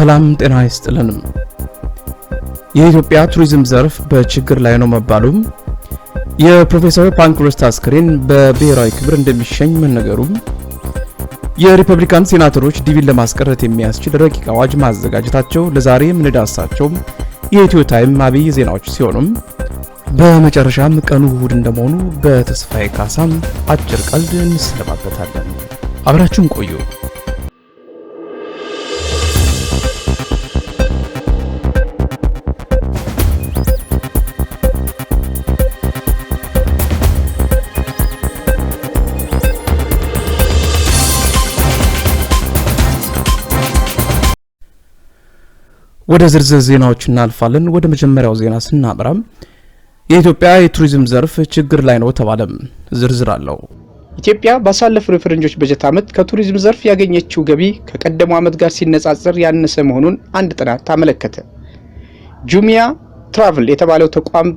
ሰላም ጤና ይስጥልንም። የኢትዮጵያ ቱሪዝም ዘርፍ በችግር ላይ ነው መባሉም፣ የፕሮፌሰር ፓንክረስት አስክሬን በብሔራዊ ክብር እንደሚሸኝ መነገሩም፣ የሪፐብሊካን ሴናተሮች ዲቪን ለማስቀረት የሚያስችል ረቂቅ አዋጅ ማዘጋጀታቸው ለዛሬ የምንዳስሳቸውም የኢትዮ ታይም አብይ ዜናዎች ሲሆኑም በመጨረሻም ቀኑ እሁድ እንደመሆኑ በተስፋዬ ካሳም አጭር ቀልድ እንሰነባበታለን። አብራችሁም ቆዩ። ወደ ዝርዝር ዜናዎች እናልፋለን። ወደ መጀመሪያው ዜና ስናምራም የኢትዮጵያ የቱሪዝም ዘርፍ ችግር ላይ ነው ተባለም። ዝርዝር አለው። ኢትዮጵያ ባሳለፈው የፈረንጆች በጀት ዓመት ከቱሪዝም ዘርፍ ያገኘችው ገቢ ከቀደመው ዓመት ጋር ሲነጻጸር ያነሰ መሆኑን አንድ ጥናት አመለከተ። ጁሚያ ትራቭል የተባለው ተቋም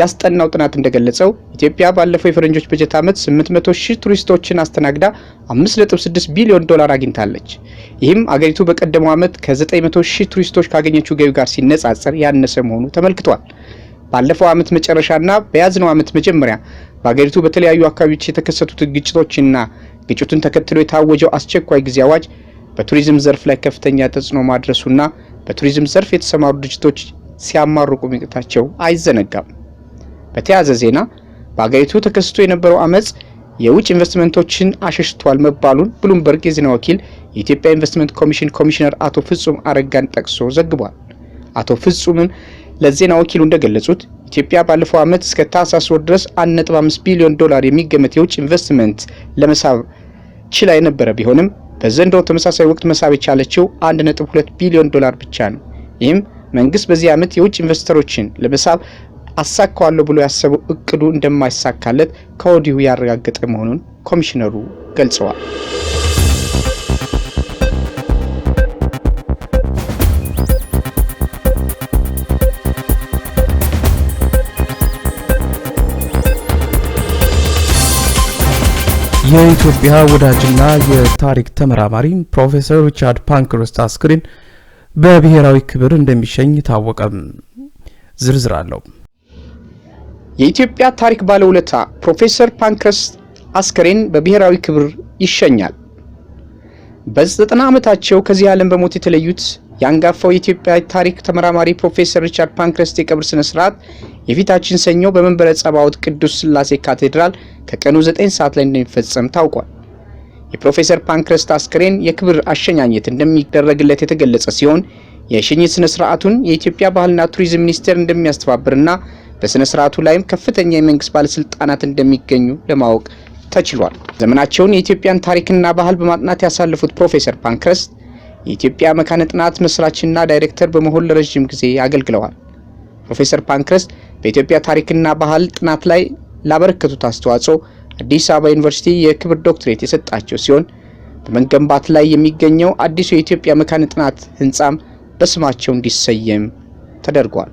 ያስጠናው ጥናት እንደገለጸው ኢትዮጵያ ባለፈው የፈረንጆች በጀት ዓመት 800 ሺህ ቱሪስቶችን አስተናግዳ 5.6 ቢሊዮን ዶላር አግኝታለች። ይህም አገሪቱ በቀደመው ዓመት ከ900 ሺህ ቱሪስቶች ካገኘችው ገቢ ጋር ሲነጻጸር ያነሰ መሆኑ ተመልክቷል። ባለፈው ዓመት መጨረሻና በያዝነው ዓመት መጀመሪያ በአገሪቱ በተለያዩ አካባቢዎች የተከሰቱት ግጭቶችና ግጭቱን ተከትሎ የታወጀው አስቸኳይ ጊዜ አዋጅ በቱሪዝም ዘርፍ ላይ ከፍተኛ ተጽዕኖ ማድረሱና በቱሪዝም ዘርፍ የተሰማሩ ድርጅቶች ሲያማርቁ መቆየታቸው አይዘነጋም። በተያያዘ ዜና በአገሪቱ ተከስቶ የነበረው አመፅ የውጭ ኢንቨስትመንቶችን አሸሽቷል መባሉን ብሉምበርግ የዜና ወኪል የኢትዮጵያ ኢንቨስትመንት ኮሚሽን ኮሚሽነር አቶ ፍጹም አረጋን ጠቅሶ ዘግቧል። አቶ ፍጹምን ለዜና ወኪሉ እንደገለጹት ኢትዮጵያ ባለፈው አመት እስከ ታህሳስ ወር ድረስ 1.5 ቢሊዮን ዶላር የሚገመት የውጭ ኢንቨስትመንት ለመሳብ ችላ የነበረ ቢሆንም በዘንድሮ ተመሳሳይ ወቅት መሳብ የቻለችው 1.2 ቢሊዮን ዶላር ብቻ ነው። ይህም መንግስት በዚህ ዓመት የውጭ ኢንቨስተሮችን ለመሳብ አሳካዋለሁ ብሎ ያሰበው እቅዱ እንደማይሳካለት ከወዲሁ ያረጋገጠ መሆኑን ኮሚሽነሩ ገልጸዋል። የኢትዮጵያ ወዳጅና የታሪክ ተመራማሪ ፕሮፌሰር ሪቻርድ ፓንክረስት አስክሬን በብሔራዊ ክብር እንደሚሸኝ ታወቀም። ዝርዝር አለው። የኢትዮጵያ ታሪክ ባለውለታ ፕሮፌሰር ፓንክረስት አስከሬን በብሔራዊ ክብር ይሸኛል። በዘጠና ዓመታቸው ከዚህ ዓለም በሞት የተለዩት የአንጋፋው የኢትዮጵያ ታሪክ ተመራማሪ ፕሮፌሰር ሪቻርድ ፓንክረስት የቀብር ስነ ስርዓት የፊታችን ሰኞ በመንበረ ጸባዖት ቅዱስ ስላሴ ካቴድራል ከቀኑ 9 ሰዓት ላይ እንደሚፈጸም ታውቋል። የፕሮፌሰር ፓንክረስት አስከሬን የክብር አሸኛኘት እንደሚደረግለት የተገለጸ ሲሆን የሽኝት ስነ ስርዓቱን የኢትዮጵያ ባህልና ቱሪዝም ሚኒስቴር እንደሚያስተባብርና በስነ ስርዓቱ ላይም ከፍተኛ የመንግስት ባለስልጣናት እንደሚገኙ ለማወቅ ተችሏል። ዘመናቸውን የኢትዮጵያን ታሪክና ባህል በማጥናት ያሳለፉት ፕሮፌሰር ፓንክረስት የኢትዮጵያ መካነ ጥናት መስራችና ዳይሬክተር በመሆን ለረዥም ጊዜ አገልግለዋል። ፕሮፌሰር ፓንክረስት በኢትዮጵያ ታሪክና ባህል ጥናት ላይ ላበረከቱት አስተዋጽኦ አዲስ አበባ ዩኒቨርሲቲ የክብር ዶክትሬት የሰጣቸው ሲሆን በመገንባት ላይ የሚገኘው አዲሱ የኢትዮጵያ መካነ ጥናት ህንጻም በስማቸው እንዲሰየም ተደርጓል።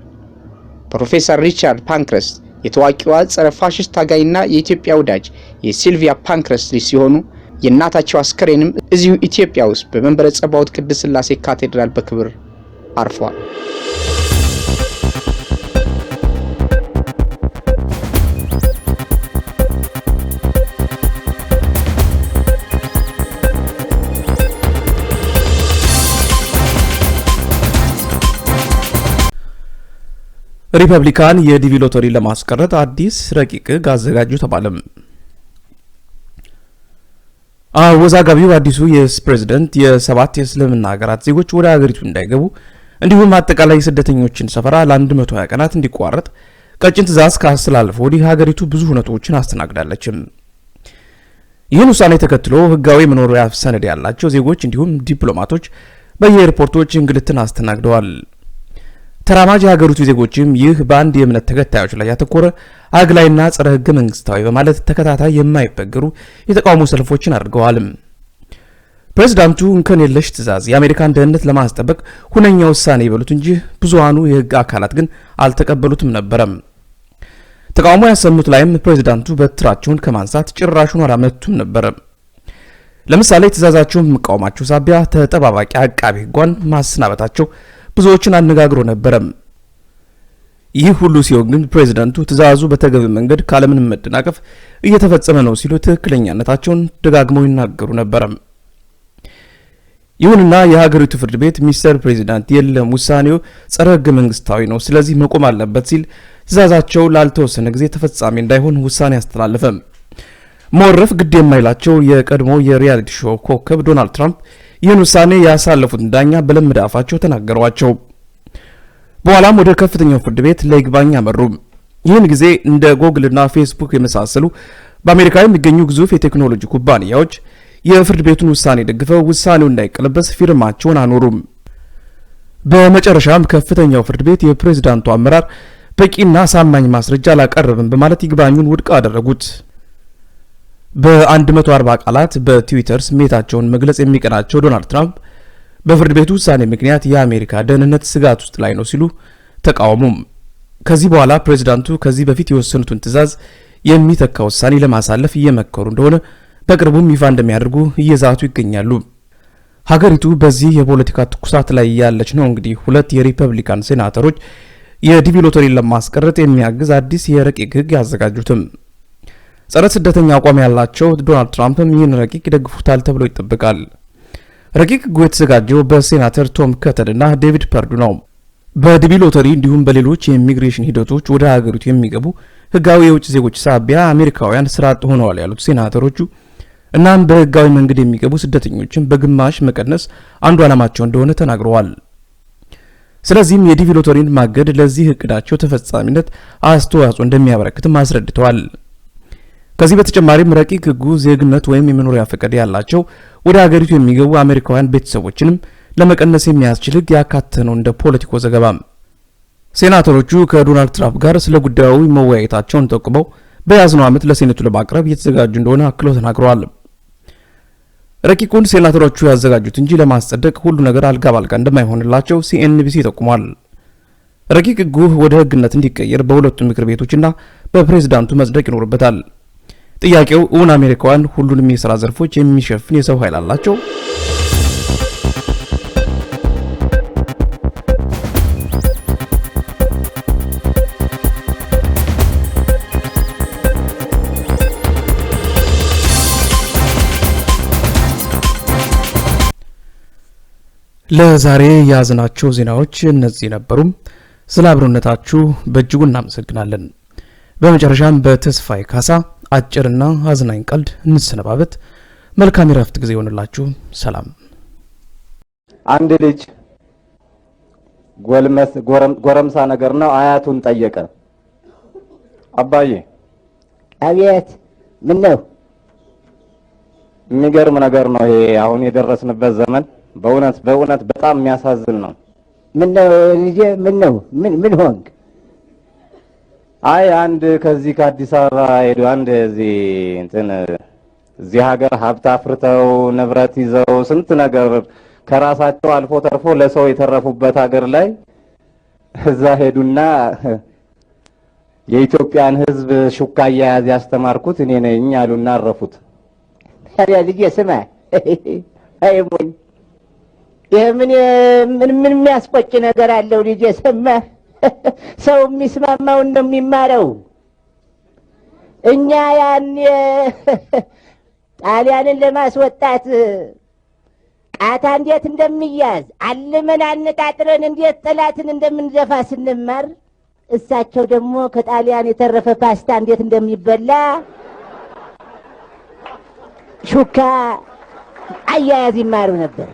ፕሮፌሰር ሪቻርድ ፓንክረስት የታዋቂዋ ጸረ ፋሽስት ታጋይና የኢትዮጵያ ወዳጅ የሲልቪያ ፓንክረስት ልጅ ሲሆኑ የእናታቸው አስከሬንም እዚሁ ኢትዮጵያ ውስጥ በመንበረ ጸባዖት ቅድስት ሥላሴ ካቴድራል በክብር አርፏል። ሪፐብሊካን የዲቪ ሎተሪ ለማስቀረት አዲስ ረቂቅ ሕግ አዘጋጁ ተባለም። አወዛጋቢው አዲሱ የስ ፕሬዚደንት የሰባት የእስልምና ሀገራት ዜጎች ወደ ሀገሪቱ እንዳይገቡ እንዲሁም አጠቃላይ ስደተኞችን ሰፈራ ለ120 ቀናት እንዲቋረጥ ቀጭን ትእዛዝ ካስተላለፈ ወዲህ ሀገሪቱ ብዙ ሁነቶችን አስተናግዳለችም። ይህን ውሳኔ ተከትሎ ህጋዊ መኖሪያ ሰነድ ያላቸው ዜጎች እንዲሁም ዲፕሎማቶች በየኤርፖርቶች እንግልትን አስተናግደዋል። ተራማጅ የሀገሪቱ ዜጎችም ይህ በአንድ የእምነት ተከታዮች ላይ ያተኮረ አግላይና ጸረ ህገ መንግስታዊ በማለት ተከታታይ የማይበገሩ የተቃውሞ ሰልፎችን አድርገዋል። ፕሬዚዳንቱ እንከን የለሽ ትዕዛዝ የአሜሪካን ደህንነት ለማስጠበቅ ሁነኛ ውሳኔ ይበሉት እንጂ ብዙሃኑ የህግ አካላት ግን አልተቀበሉትም ነበረም። ተቃውሞ ያሰሙት ላይም ፕሬዚዳንቱ በትራቸውን ከማንሳት ጭራሹን አላመቱም ነበረ። ለምሳሌ ትእዛዛቸውን በመቃወማቸው ሳቢያ ተጠባባቂ አቃቢ ህጓን ማሰናበታቸው ብዙዎችን አነጋግሮ ነበረም። ይህ ሁሉ ሲሆን ግን ፕሬዚዳንቱ ትዕዛዙ በተገቢ መንገድ ካለምንም መደናቀፍ እየተፈጸመ ነው ሲሉ ትክክለኛነታቸውን ደጋግመው ይናገሩ ነበረም። ይሁንና የሀገሪቱ ፍርድ ቤት ሚስተር ፕሬዚዳንት የለም፣ ውሳኔው ጸረ ህገ መንግስታዊ ነው፣ ስለዚህ መቆም አለበት ሲል ትዕዛዛቸው ላልተወሰነ ጊዜ ተፈጻሚ እንዳይሆን ውሳኔ አስተላለፈም። መወረፍ ግድ የማይላቸው የቀድሞ የሪያሊቲ ሾው ኮከብ ዶናልድ ትራምፕ ይህን ውሳኔ ያሳለፉትን ዳኛ በለመደ አፋቸው ተናገሯቸው። በኋላም ወደ ከፍተኛው ፍርድ ቤት ለይግባኝ አመሩ። ይህን ጊዜ እንደ ጎግልና ፌስቡክ የመሳሰሉ በአሜሪካ የሚገኙ ግዙፍ የቴክኖሎጂ ኩባንያዎች የፍርድ ቤቱን ውሳኔ ደግፈው ውሳኔው እንዳይቀለበስ ፊርማቸውን አኖሩም። በመጨረሻም ከፍተኛው ፍርድ ቤት የፕሬዝዳንቱ አመራር በቂና አሳማኝ ማስረጃ አላቀረብም በማለት ይግባኙን ውድቅ አደረጉት። በ140 ቃላት በትዊተር ስሜታቸውን መግለጽ የሚቀናቸው ዶናልድ ትራምፕ በፍርድ ቤቱ ውሳኔ ምክንያት የአሜሪካ ደህንነት ስጋት ውስጥ ላይ ነው ሲሉ ተቃወሙም። ከዚህ በኋላ ፕሬዚዳንቱ ከዚህ በፊት የወሰኑትን ትዕዛዝ የሚተካ ውሳኔ ለማሳለፍ እየመከሩ እንደሆነ በቅርቡም ይፋ እንደሚያደርጉ እየዛቱ ይገኛሉ። ሀገሪቱ በዚህ የፖለቲካ ትኩሳት ላይ ያለች ነው። እንግዲህ ሁለት የሪፐብሊካን ሴናተሮች የዲቪ ሎተሪን ለማስቀረት የሚያግዝ አዲስ የረቂቅ ህግ ያዘጋጁትም ጸረ ስደተኛ አቋም ያላቸው ዶናልድ ትራምፕም ይህን ረቂቅ ይደግፉታል ተብሎ ይጠበቃል። ረቂቅ ሕጉ የተዘጋጀው በሴናተር ቶም ከተል እና ዴቪድ ፐርዱ ነው። በዲቢ ሎተሪ እንዲሁም በሌሎች የኢሚግሬሽን ሂደቶች ወደ ሀገሪቱ የሚገቡ ህጋዊ የውጭ ዜጎች ሳቢያ አሜሪካውያን ስራ አጥ ሆነዋል ያሉት ሴናተሮቹ እናም በህጋዊ መንገድ የሚገቡ ስደተኞችን በግማሽ መቀነስ አንዱ ዓላማቸው እንደሆነ ተናግረዋል። ስለዚህም የዲቪ ሎተሪን ማገድ ለዚህ እቅዳቸው ተፈጻሚነት አስተዋጽኦ እንደሚያበረክትም አስረድተዋል። ከዚህ በተጨማሪም ረቂቅ ሕጉ ዜግነት ወይም የመኖሪያ ፈቃድ ያላቸው ወደ ሀገሪቱ የሚገቡ አሜሪካውያን ቤተሰቦችንም ለመቀነስ የሚያስችል ሕግ ያካተተ ነው። እንደ ፖለቲኮ ዘገባ ሴናተሮቹ ከዶናልድ ትራምፕ ጋር ስለ ጉዳዩ መወያየታቸውን ጠቁመው በያዝነው ዓመት ለሴኔቱ ለማቅረብ እየተዘጋጁ እንደሆነ አክለው ተናግረዋል። ረቂቁን ሴናተሮቹ ያዘጋጁት እንጂ ለማስጸደቅ ሁሉ ነገር አልጋ ባልጋ እንደማይሆንላቸው ሲኤንቢሲ ጠቁሟል። ረቂቅ ሕጉ ወደ ሕግነት እንዲቀየር በሁለቱ ምክር ቤቶችና በፕሬዝዳንቱ መጽደቅ ይኖርበታል። ጥያቄው እውን አሜሪካውያን ሁሉንም የሥራ ዘርፎች የሚሸፍን የሰው ኃይል አላቸው? ለዛሬ የያዝናቸው ዜናዎች እነዚህ ነበሩም ስለ አብሮነታችሁ በእጅጉ እናመሰግናለን። በመጨረሻም በተስፋዬ ካሳ አጭርና አዝናኝ ቀልድ እንሰነባበት። መልካም የረፍት ጊዜ ይሆንላችሁ። ሰላም። አንድ ልጅ ጎረምሳ ነገር ነው። አያቱን ጠየቀ። አባዬ፣ አቤት። ምን ነው? የሚገርም ነገር ነው ይሄ አሁን የደረስንበት ዘመን። በእውነት በእውነት በጣም የሚያሳዝን ነው። ምን ነው ልጄ? ምን ነው? ምን ምን ሆንክ? አይ አንድ ከዚህ ከአዲስ አበባ ሄዱ አንድ እዚህ እንትን እዚህ ሀገር ሀብት አፍርተው ንብረት ይዘው ስንት ነገር ከራሳቸው አልፎ ተርፎ ለሰው የተረፉበት ሀገር ላይ እዛ ሄዱና የኢትዮጵያን ሕዝብ ሹካ አያያዝ ያስተማርኩት እኔ ነኝ አሉና አረፉት። ታዲያ ልጅ ስማ፣ ሞኝ፣ ይህ ምን ምን የሚያስቆጭ ነገር አለው? ልጅ ስማ ሰው የሚስማማው ነው የሚማረው። እኛ ያን ጣሊያንን ለማስወጣት ቃታ እንዴት እንደሚያዝ አልመን አነጣጥረን እንዴት ጠላትን እንደምንደፋ ስንማር እሳቸው ደግሞ ከጣሊያን የተረፈ ፓስታ እንዴት እንደሚበላ ሹካ አያያዝ ይማሩ ነበር።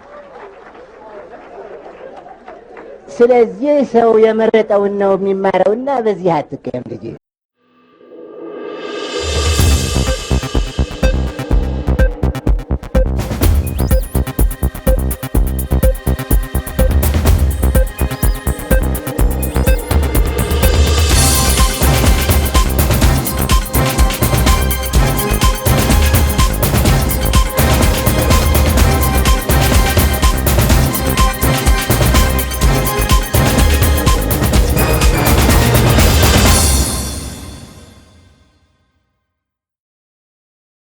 ስለዚህ ሰው የመረጠውን ነው የሚማረውና በዚህ አትቀየም ልጅ